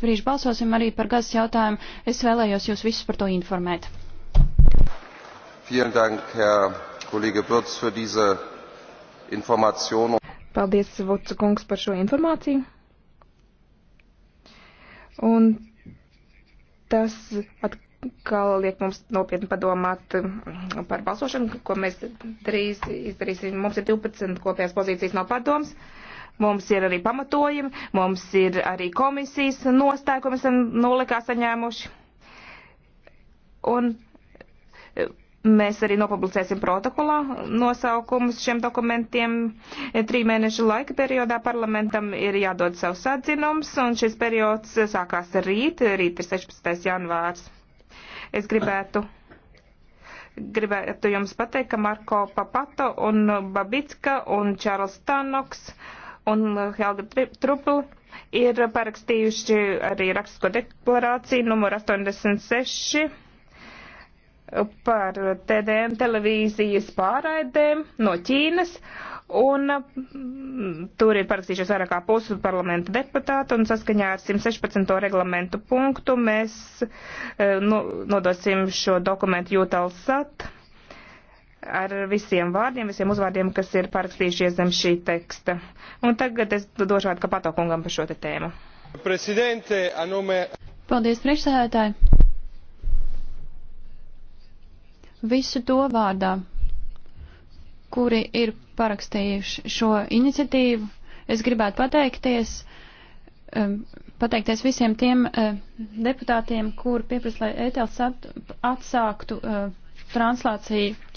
brīžu balsosim arī par gazas jautājumu. Es vēlējos jūs visus par to informēt. Paldies, Vucu kungs, par šo informāciju. Un tas atkal liek mums nopietni padomāt mm, par balsošanu, ko mēs drīz izdarīsim. Mums ir 12 kopējās pozīcijas no padoms. Uh, Mums ir arī pamatojumi, mums ir arī komisijas nostāja, ko mēs esam nolikā saņēmuši. Un e, Mēs arī nopublicēsim protokolā nosaukumus šiem dokumentiem. E, trī mēnešu laika periodā parlamentam ir jādod savs atzinums, un šis periods sākās rīt, rīt ir 16. janvārs. Es gribētu, gribētu jums pateikt, ka Marko Papato un Babicka un Čārls Tanoks un uh, Helga Trupla ir parakstījuši arī rakstisko deklarāciju numur 86 par TDM televīzijas pārraidēm no Ķīnas, un uh, tur ir parakstījušies vairāk kā pusi parlamenta deputātu, un saskaņā ar 116. reglamentu punktu mēs nu, nodosim šo dokumentu jūtals sat ar visiem vārdiem, visiem uzvārdiem, kas ir parakstījušies zem šī teksta. Un tagad es došu vārdu Kapato kungam par šo te tēmu. Anome... Paldies, priekšsēdētāji! Visu to vārdā, kuri ir parakstījuši šo iniciatīvu, es gribētu pateikties, um, pateikties visiem tiem uh, deputātiem, kur pieprasa, lai ETLS atsāktu uh, translāciju